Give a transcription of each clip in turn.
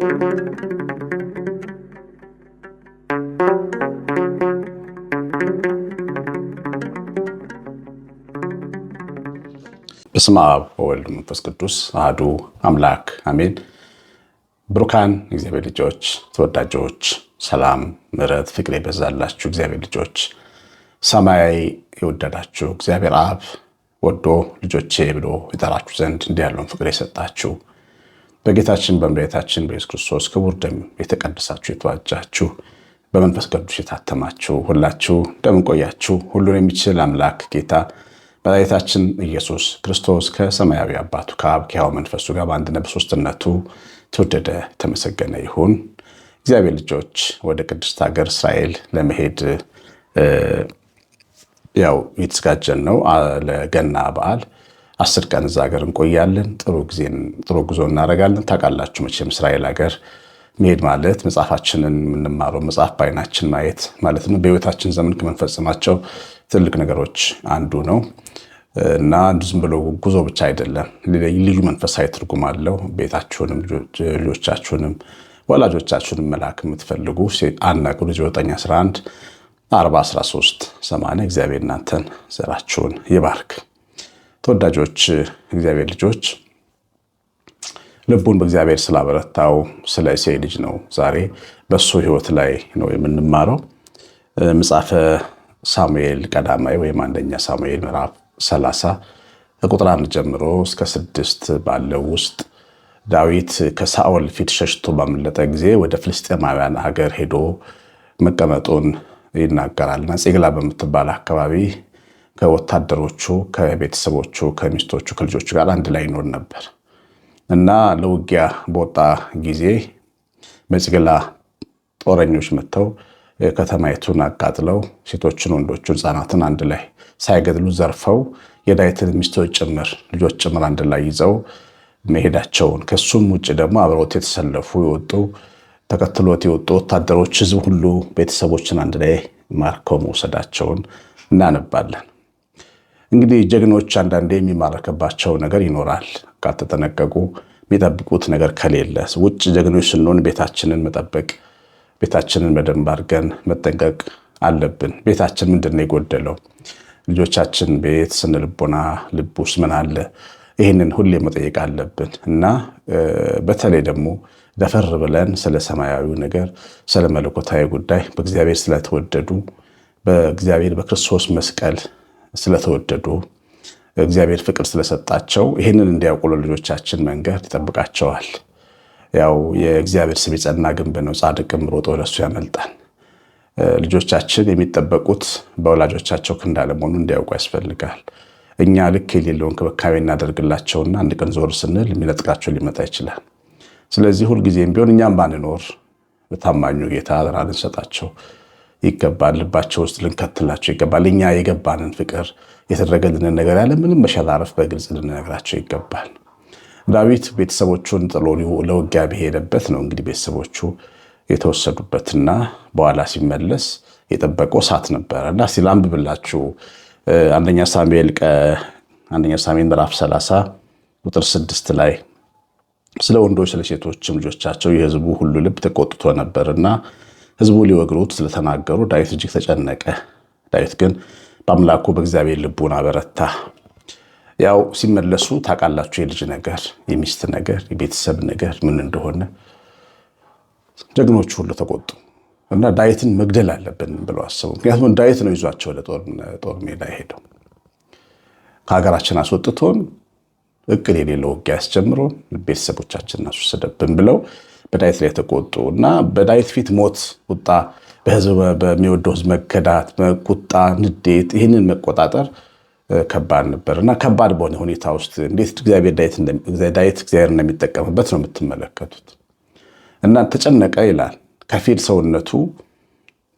በስመ አብ ወወልድ መንፈስ ቅዱስ አህዱ አምላክ አሜን። ብሩካን እግዚአብሔር ልጆች ተወዳጆች፣ ሰላም ምሕረት ፍቅር የበዛላችሁ እግዚአብሔር ልጆች ሰማይ የወደዳችሁ እግዚአብሔር አብ ወዶ ልጆቼ ብሎ የጠራችሁ ዘንድ እንዲህ ያለውን ፍቅር የሰጣችሁ በጌታችን በመድኃኒታችን በኢየሱስ ክርስቶስ ክቡር ደም የተቀደሳችሁ የተዋጃችሁ በመንፈስ ቅዱስ የታተማችሁ ሁላችሁ እንደምን ቆያችሁ? ሁሉን የሚችል አምላክ ጌታ መድኃኒታችን ኢየሱስ ክርስቶስ ከሰማያዊ አባቱ ከአብ ከሕያው መንፈሱ ጋር በአንድነት በሦስትነቱ ተወደደ ተመሰገነ ይሁን። እግዚአብሔር ልጆች ወደ ቅድስት ሀገር እስራኤል ለመሄድ ያው የተዘጋጀን ነው ለገና በዓል አስር ቀን እዛ ሀገር እንቆያለን። ጥሩ ጊዜን ጥሩ ጉዞ እናደርጋለን። ታውቃላችሁ መቼም እስራኤል ሀገር መሄድ ማለት መጽሐፋችንን የምንማረው መጽሐፍ በአይናችን ማየት ማለት ነው። በህይወታችን ዘመን ከምንፈጽማቸው ትልቅ ነገሮች አንዱ ነው እና አንዱ ዝም ብሎ ጉዞ ብቻ አይደለም፣ ልዩ መንፈሳዊ ትርጉም አለው። ቤታችሁንም ልጆቻችሁንም ወላጆቻችሁንም መላክ የምትፈልጉ 11 4 13 8 እግዚአብሔር እናንተን ዘራችሁን ይባርክ። ተወዳጆች እግዚአብሔር ልጆች ልቡን በእግዚአብሔር ስላበረታው ስለ እሴይ ልጅ ነው። ዛሬ በሱ ህይወት ላይ ነው የምንማረው። መጽሐፈ ሳሙኤል ቀዳማዊ ወይም አንደኛ ሳሙኤል ምዕራፍ 30 ከቁጥር አንድ ጀምሮ እስከ ስድስት ባለው ውስጥ ዳዊት ከሳኦል ፊት ሸሽቶ ባመለጠ ጊዜ ወደ ፍልስጤማውያን ሀገር ሄዶ መቀመጡን ይናገራልና ጽግላ በምትባል አካባቢ ከወታደሮቹ ከቤተሰቦቹ ከሚስቶቹ ከልጆቹ ጋር አንድ ላይ ይኖር ነበር እና ለውጊያ በወጣ ጊዜ በጭግላ ጦረኞች መጥተው ከተማይቱን አቃጥለው ሴቶችን፣ ወንዶቹን፣ ህፃናትን አንድ ላይ ሳይገድሉ ዘርፈው የዳዊትን ሚስቶች ጭምር ልጆች ጭምር አንድ ላይ ይዘው መሄዳቸውን ከሱም ውጭ ደግሞ አብረውት የተሰለፉ የወጡ ተከትሎት የወጡ ወታደሮች ህዝብ ሁሉ ቤተሰቦችን አንድ ላይ ማርከው መውሰዳቸውን እናነባለን። እንግዲህ ጀግኖች አንዳንዴ የሚማረክባቸው ነገር ይኖራል። ካልተጠነቀቁ የሚጠብቁት ነገር ከሌለ ውጭ ጀግኖች ስንሆን ቤታችንን መጠበቅ፣ ቤታችንን በደንብ አድርገን መጠንቀቅ አለብን። ቤታችን ምንድን ነው የጎደለው? ልጆቻችን ቤት ስንልቦና ልብ ውስጥ ምን አለ? ይህንን ሁሌ መጠየቅ አለብን እና በተለይ ደግሞ ደፈር ብለን ስለ ሰማያዊው ነገር ስለ መለኮታዊ ጉዳይ በእግዚአብሔር ስለተወደዱ በእግዚአብሔር በክርስቶስ መስቀል ስለተወደዱ እግዚአብሔር ፍቅር ስለሰጣቸው ይህንን እንዲያውቁ ለልጆቻችን መንገድ ይጠብቃቸዋል። ያው የእግዚአብሔር ስም የጸና ግንብ ነው፣ ጻድቅም ሮጦ ወደሱ ያመልጣል። ልጆቻችን የሚጠበቁት በወላጆቻቸው ክንድ አለመሆኑን እንዲያውቁ ያስፈልጋል። እኛ ልክ የሌለውን ክብካቤ እናደርግላቸውና አንድ ቀን ዞር ስንል የሚነጥቃቸው ሊመጣ ይችላል። ስለዚህ ሁልጊዜም ቢሆን እኛም ባንኖር በታማኙ ጌታ አደራ ልንሰጣቸው ይገባል፣ ልባቸው ውስጥ ልንከትላቸው ይገባል። እኛ የገባንን ፍቅር የተደረገልንን ነገር ያለ ምንም መሸራረፍ በግልጽ ልንነግራቸው ይገባል። ዳዊት ቤተሰቦቹን ጥሎ ለውጊያ ብሄደበት ነው እንግዲህ ቤተሰቦቹ የተወሰዱበትና በኋላ ሲመለስ የጠበቀው እሳት ነበረ እና ሲላንብብላችሁ አንደኛ ሳሙኤል አንደኛ ሳሙኤል ምዕራፍ 30 ቁጥር ስድስት ላይ ስለ ወንዶች ስለ ሴቶችም ልጆቻቸው የህዝቡ ሁሉ ልብ ተቆጥቶ ነበርና ህዝቡ ሊወግሩት ስለተናገሩ ዳዊት እጅግ ተጨነቀ። ዳዊት ግን በአምላኩ በእግዚአብሔር ልቡን አበረታ። ያው ሲመለሱ ታውቃላችሁ፣ የልጅ ነገር፣ የሚስት ነገር፣ የቤተሰብ ነገር ምን እንደሆነ ጀግኖቹ ሁሉ ተቆጡ እና ዳዊትን መግደል አለብን ብለው አስቡ። ምክንያቱም ዳዊት ነው ይዟቸው ለጦር ሜዳ የሄደው ከሀገራችን አስወጥቶን እቅድ የሌለው ውጊያ አስጀምሮ ቤተሰቦቻችን አስወሰደብን ብለው በዳዊት ላይ ተቆጡ እና በዳዊት ፊት ሞት፣ ቁጣ፣ በህዝብ በሚወደው ህዝብ መከዳት፣ ቁጣ፣ ንዴት ይህንን መቆጣጠር ከባድ ነበር እና ከባድ በሆነ ሁኔታ ውስጥ እንዴት እግዚአብሔር ዳዊት እግዚአብሔር እንደሚጠቀምበት ነው የምትመለከቱት። እና ተጨነቀ ይላል። ከፊል ሰውነቱ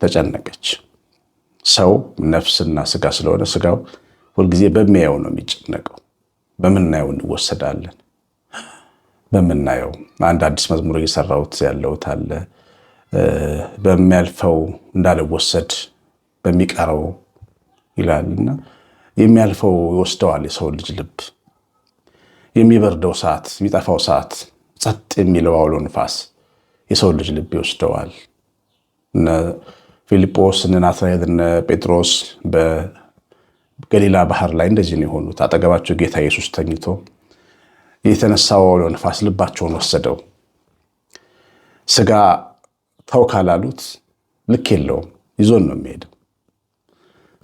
ተጨነቀች። ሰው ነፍስና ስጋ ስለሆነ ስጋው ሁልጊዜ በሚያየው ነው የሚጨነቀው። በምናየው እንወሰዳለን። በምናየው አንድ አዲስ መዝሙር እየሰራሁት ያለሁት አለ። በሚያልፈው እንዳልወሰድ በሚቀረው ይላልና የሚያልፈው ይወስደዋል የሰው ልጅ ልብ የሚበርደው ሰዓት የሚጠፋው ሰዓት ጸጥ የሚለው አውሎ ንፋስ የሰው ልጅ ልብ ይወስደዋል። እነ ፊልጶስ እነ ናትናኤል እነ ጴጥሮስ ገሊላ ባህር ላይ እንደዚህ ነው የሆኑት። አጠገባቸው ጌታ ኢየሱስ ተኝቶ የተነሳው አውሎ ነፋስ ልባቸውን ወሰደው። ስጋ ተው ካላሉት ልክ የለውም፣ ይዞን ነው የሚሄደው።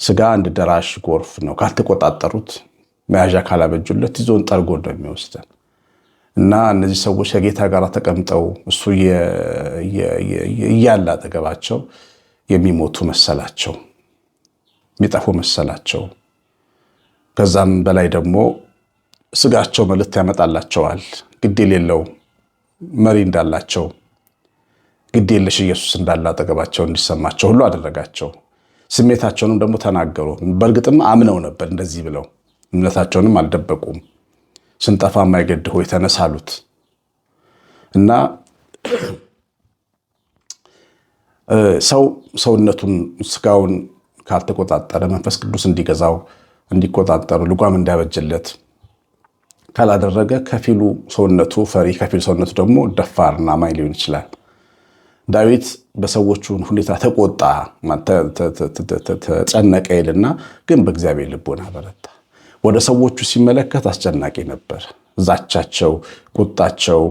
ስጋ አንድ ደራሽ ጎርፍ ነው፣ ካልተቆጣጠሩት መያዣ ካላበጁለት ይዞን ጠርጎ ነው የሚወስደን እና እነዚህ ሰዎች ከጌታ ጋር ተቀምጠው እሱ እያለ አጠገባቸው የሚሞቱ መሰላቸው፣ የሚጠፉ መሰላቸው። ከዛም በላይ ደግሞ ስጋቸው መልእክት ያመጣላቸዋል። ግድ የሌለው መሪ እንዳላቸው፣ ግድ የለሽ ኢየሱስ እንዳለ አጠገባቸው እንዲሰማቸው ሁሉ አደረጋቸው። ስሜታቸውንም ደግሞ ተናገሩ። በእርግጥም አምነው ነበር እንደዚህ ብለው እምነታቸውንም አልደበቁም። ስንጠፋ የማይገድ ሆይ እና ሰው ሰውነቱን ስጋውን ካልተቆጣጠረ መንፈስ ቅዱስ እንዲገዛው እንዲቆጣጠሩ ልጓም እንዳያበጅለት ካላደረገ ከፊሉ ሰውነቱ ፈሪ፣ ከፊሉ ሰውነቱ ደግሞ ደፋርና ማይ ሊሆን ይችላል። ዳዊት በሰዎቹን ሁኔታ ተቆጣ፣ ተጨነቀ ይልና ግን በእግዚአብሔር ልቦና በረታ። ወደ ሰዎቹ ሲመለከት አስጨናቂ ነበር። ዛቻቸው፣ ቁጣቸው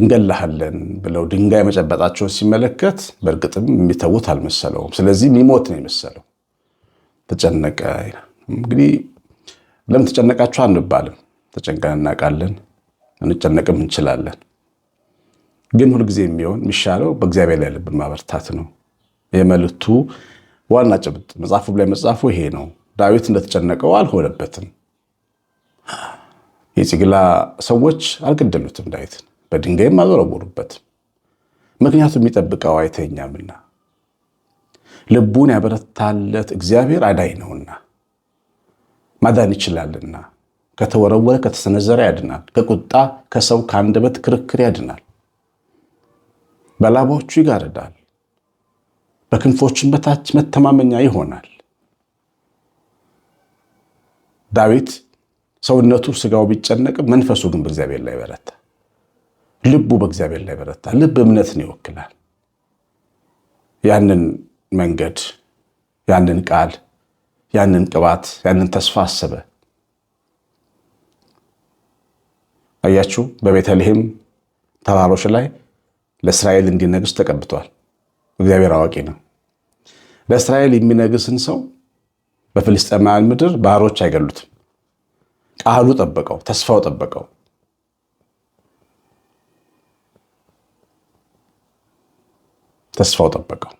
እንገላሃለን ብለው ድንጋይ መጨበጣቸውን ሲመለከት በእርግጥም የሚተዉት አልመሰለውም። ስለዚህ የሚሞት ነው የመሰለው። ተጨነቀ። እንግዲህ ለምን ተጨነቃችሁ አንባልም። ተጨንቀን እናውቃለን፣ እንጨነቅም እንችላለን። ግን ሁልጊዜ የሚሆን የሚሻለው በእግዚአብሔር ላይ ልብ ማበርታት ነው። የመልእክቱ ዋና ጭብጥ መጽሐፉ ላይ መጽሐፉ ይሄ ነው። ዳዊት እንደተጨነቀው አልሆነበትም። የጽግላ ሰዎች አልገደሉትም ዳዊትን፣ በድንጋይም አልወረወሩበትም። ምክንያቱም የሚጠብቀው አይተኛምና ልቡን ያበረታለት እግዚአብሔር አዳይ ነውና ማዳን ይችላልና ከተወረወረ ከተሰነዘረ ያድናል። ከቁጣ ከሰው ከአንደበት ክርክር ያድናል። በላባዎቹ ይጋርዳል፣ በክንፎችን በታች መተማመኛ ይሆናል። ዳዊት ሰውነቱ ስጋው ቢጨነቅም መንፈሱ ግን በእግዚአብሔር ላይ በረታ። ልቡ በእግዚአብሔር ላይ በረታ። ልብ እምነትን ይወክላል። ያንን መንገድ ያንን ቃል ያንን ቅባት ያንን ተስፋ አሰበ። አያችሁ፣ በቤተልሔም ተራሮች ላይ ለእስራኤል እንዲነግስ ተቀብቷል። እግዚአብሔር አዋቂ ነው። ለእስራኤል የሚነግስን ሰው በፍልስጤማውያን ምድር ባህሮች አይገሉትም። ቃሉ ጠበቀው፣ ተስፋው ጠበቀው። ተስፋው ጠበቀው።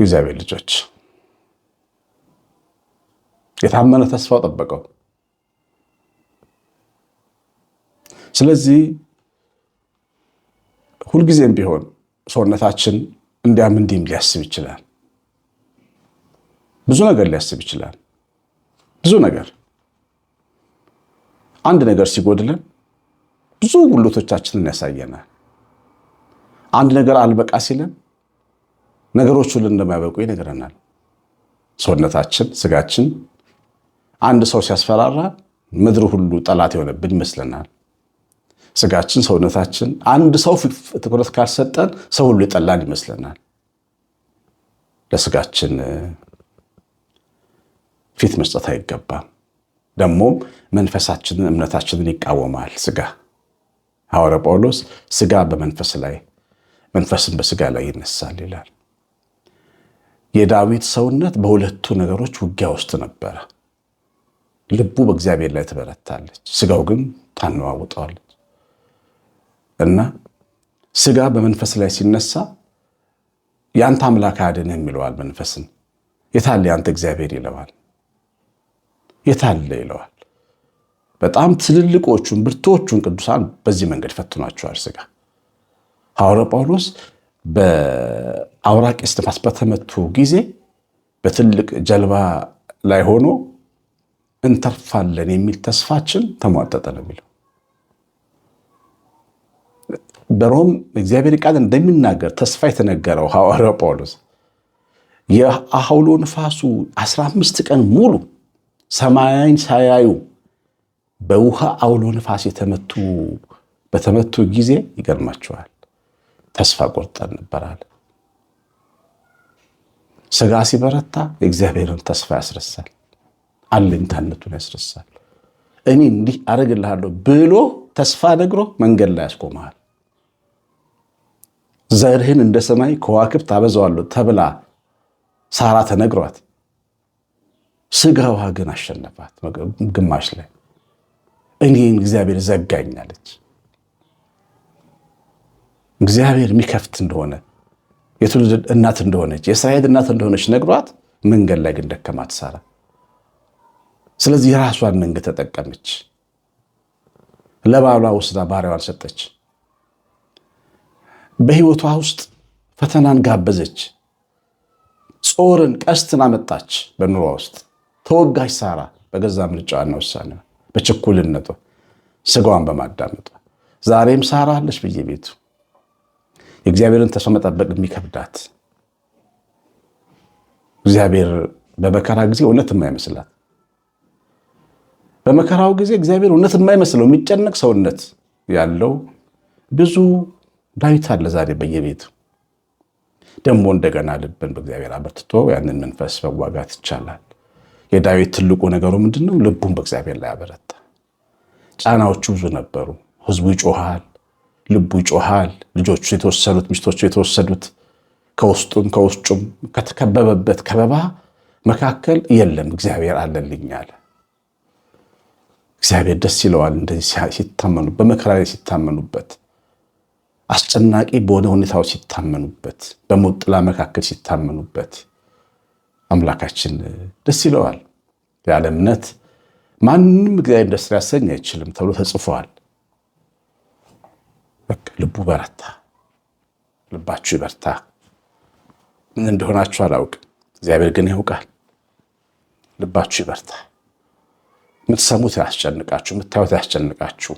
የእግዚአብሔር ልጆች የታመነ ተስፋው ጠበቀው። ስለዚህ ሁልጊዜም ቢሆን ሰውነታችን እንዲያም እንዲህም ሊያስብ ይችላል። ብዙ ነገር ሊያስብ ይችላል። ብዙ ነገር አንድ ነገር ሲጎድለን ብዙ ጉሎቶቻችንን ያሳየናል። አንድ ነገር አልበቃ ሲለን ነገሮች ሁሉ እንደማያበቁ ይነግረናል። ሰውነታችን፣ ስጋችን አንድ ሰው ሲያስፈራራ ምድር ሁሉ ጠላት የሆነብን ይመስለናል። ስጋችን፣ ሰውነታችን አንድ ሰው ትኩረት ካልሰጠን ሰው ሁሉ ይጠላን ይመስለናል። ለስጋችን ፊት መስጠት አይገባም። ደግሞም መንፈሳችንን እምነታችንን ይቃወማል ስጋ። ሐዋርያ ጳውሎስ ስጋ በመንፈስ ላይ መንፈስን በስጋ ላይ ይነሳል ይላል። የዳዊት ሰውነት በሁለቱ ነገሮች ውጊያ ውስጥ ነበረ። ልቡ በእግዚአብሔር ላይ ትበረታለች፣ ስጋው ግን ታነዋውጠዋለች። እና ስጋ በመንፈስ ላይ ሲነሳ የአንተ አምላክ አያድንህም ይለዋል። መንፈስን የታለ የአንተ እግዚአብሔር ይለዋል፣ የታለ ይለዋል። በጣም ትልልቆቹን ብርቶቹን ቅዱሳን በዚህ መንገድ ፈትኗቸዋል። ስጋ ሐዋርያው ጳውሎስ በአውራቅ እስትንፋስ በተመቱ ጊዜ በትልቅ ጀልባ ላይ ሆኖ እንተርፋለን የሚል ተስፋችን ተሟጠጠ ነው የሚለው። በሮም እግዚአብሔር ቃል እንደሚናገር ተስፋ የተነገረው ሐዋርያው ጳውሎስ የአውሎ ንፋሱ 15 ቀን ሙሉ ሰማያን ሳያዩ በውሃ አውሎ ንፋስ የተመቱ በተመቱ ጊዜ ይገርማቸዋል። ተስፋ ቆርጠን ነበራል። ስጋ ሲበረታ የእግዚአብሔርን ተስፋ ያስረሳል፣ አለኝታነቱን ያስረሳል። እኔ እንዲህ አደርግልሃለሁ ብሎ ተስፋ ነግሮ መንገድ ላይ ያስቆመሃል። ዘርህን እንደ ሰማይ ከዋክብት አበዛዋለሁ ተብላ ሳራ ተነግሯት፣ ስጋዋ ግን አሸነፋት። ግማሽ ላይ እኔን እግዚአብሔር አለች። እግዚአብሔር የሚከፍት እንደሆነ የትውልድ እናት እንደሆነች የእስራኤል እናት እንደሆነች ነግሯት፣ መንገድ ላይ ግን ደከማት ሳራ። ስለዚህ የራሷን መንገድ ተጠቀመች። ለባሏ ወስዳ ባሪያዋን ሰጠች። በህይወቷ ውስጥ ፈተናን ጋበዘች። ጾርን፣ ቀስትን አመጣች። በኑሯ ውስጥ ተወጋች ሳራ በገዛ ምርጫዋና ውሳኔ በችኩልነቷ፣ ስጋዋን በማዳመጧ ዛሬም ሳራ አለች በየቤቱ። የእግዚአብሔርን ተስፋ መጠበቅ የሚከብዳት እግዚአብሔር በመከራ ጊዜ እውነት የማይመስላት በመከራው ጊዜ እግዚአብሔር እውነት የማይመስለው የሚጨነቅ ሰውነት ያለው ብዙ ዳዊት አለ ዛሬ በየቤቱ። ደግሞ እንደገና ልብን በእግዚአብሔር አበርትቶ ያንን መንፈስ መዋጋት ይቻላል። የዳዊት ትልቁ ነገሩ ምንድነው ልቡን በእግዚአብሔር ላይ አበረታ። ጫናዎቹ ብዙ ነበሩ። ህዝቡ ይጮሃል፣ ልቡ ይጮሃል። ልጆቹ የተወሰዱት፣ ሚስቶቹ የተወሰዱት፣ ከውስጡም ከውስጩም ከተከበበበት ከበባ መካከል የለም እግዚአብሔር አለልኝ አለ። እግዚአብሔር ደስ ይለዋል እንደዚህ ሲታመኑ፣ በመከራ ላይ ሲታመኑበት፣ አስጨናቂ በሆነ ሁኔታው ሲታመኑበት፣ በሞት ጥላ መካከል ሲታመኑበት አምላካችን ደስ ይለዋል። ያለ እምነት ማንም እግዚአብሔር ደስ ሊያሰኝ አይችልም ተብሎ ተጽፏል። ልቡ በረታ። ልባችሁ ይበርታ። ምን እንደሆናችሁ አላውቅም፣ እግዚአብሔር ግን ያውቃል። ልባችሁ ይበርታ። የምትሰሙት ያስጨንቃችሁ የምታዩት ያስጨንቃችሁ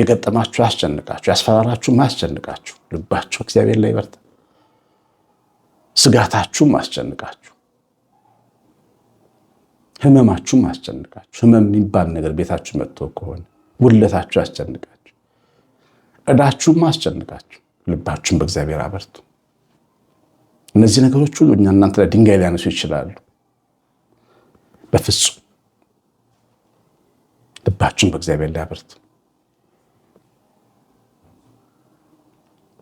የገጠማችሁ ያስጨንቃችሁ፣ ያስፈራራችሁም አያስጨንቃችሁ። ልባችሁ እግዚአብሔር ላይ ይበርታ። ስጋታችሁም አስጨንቃችሁ ህመማችሁም አስጨንቃችሁ ህመም የሚባል ነገር ቤታችሁ መጥቶ ከሆነ ውለታችሁ ያስጨንቃል። ዕዳችሁም አስጨንቃችሁ ልባችሁን በእግዚአብሔር አበርቱ። እነዚህ ነገሮች ሁሉ እኛ እናንተ ላይ ድንጋይ ሊያነሱ ይችላሉ። በፍጹም ልባችሁን በእግዚአብሔር ሊያበርቱ አበርቱ።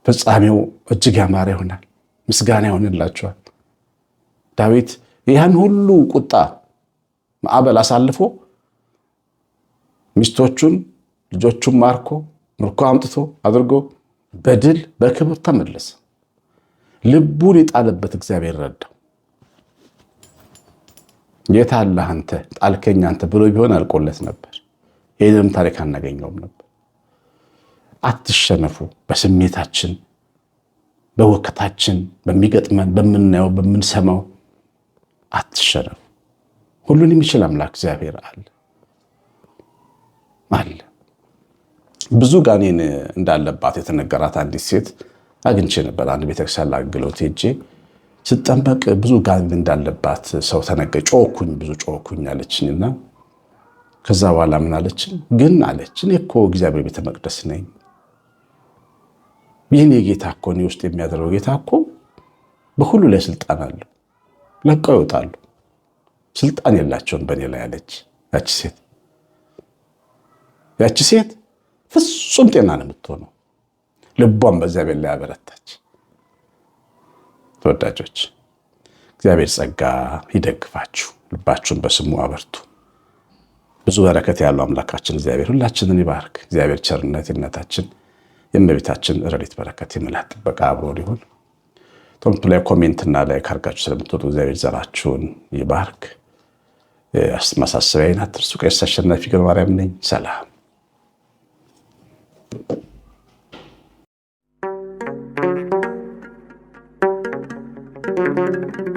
ፍጻሜው እጅግ ያማረ ይሆናል። ምስጋና ይሆንላቸዋል። ዳዊት ይህን ሁሉ ቁጣ ማዕበል አሳልፎ ሚስቶቹን ልጆቹን ማርኮ ምርኮ አምጥቶ አድርጎ በድል በክብር ተመለሰ። ልቡን የጣለበት እግዚአብሔር ረዳው። የት አለህ አንተ ጣልከኝ አንተ ብሎ ቢሆን አልቆለት ነበር። ይህንም ታሪክ አናገኘውም ነበር። አትሸነፉ። በስሜታችን በወከታችን በሚገጥመን በምናየው በምንሰማው አትሸነፉ። ሁሉን የሚችል አምላክ እግዚአብሔር አለ አለ ብዙ ጋኔን እንዳለባት የተነገራት አንዲት ሴት አግኝቼ ነበር። አንድ ቤተክርስቲያን ላገለግሎት ሄጄ ስጠመቅ ብዙ ጋኔን እንዳለባት ሰው ተነገ ጮኩኝ፣ ብዙ ጮኩኝ እና ከዛ በኋላ ምን አለችን? ግን አለች እኔ እኮ እግዚአብሔር ቤተ መቅደስ ነኝ። ይህን የጌታ እኮ እኔ ውስጥ የሚያደርገው ጌታ እኮ በሁሉ ላይ ስልጣን አለው። ለቀው ይወጣሉ፣ ስልጣን የላቸውም በእኔ ላይ አለች ያቺ ሴት ያቺ ሴት ፍጹም ጤና ነው የምትሆነው። ልቧን በእግዚአብሔር ላይ አበረታች። ተወዳጆች እግዚአብሔር ጸጋ ይደግፋችሁ፣ ልባችሁን በስሙ አበርቱ። ብዙ በረከት ያለው አምላካችን እግዚአብሔር ሁላችንን ይባርክ። እግዚአብሔር ቸርነት ይነታችን የእመቤታችን ረድኤት በረከት የምላት ጥበቃ አብሮ ሊሆን ቶምቱ ላይ ኮሜንትና ላይ ካርጋችሁ ስለምትወጡ እግዚአብሔር ዘራችሁን ይባርክ። ማሳሰቢያ አትርሱ። ቄስ አሸናፊ ገብረ ማርያም ነኝ። ሰላም thank you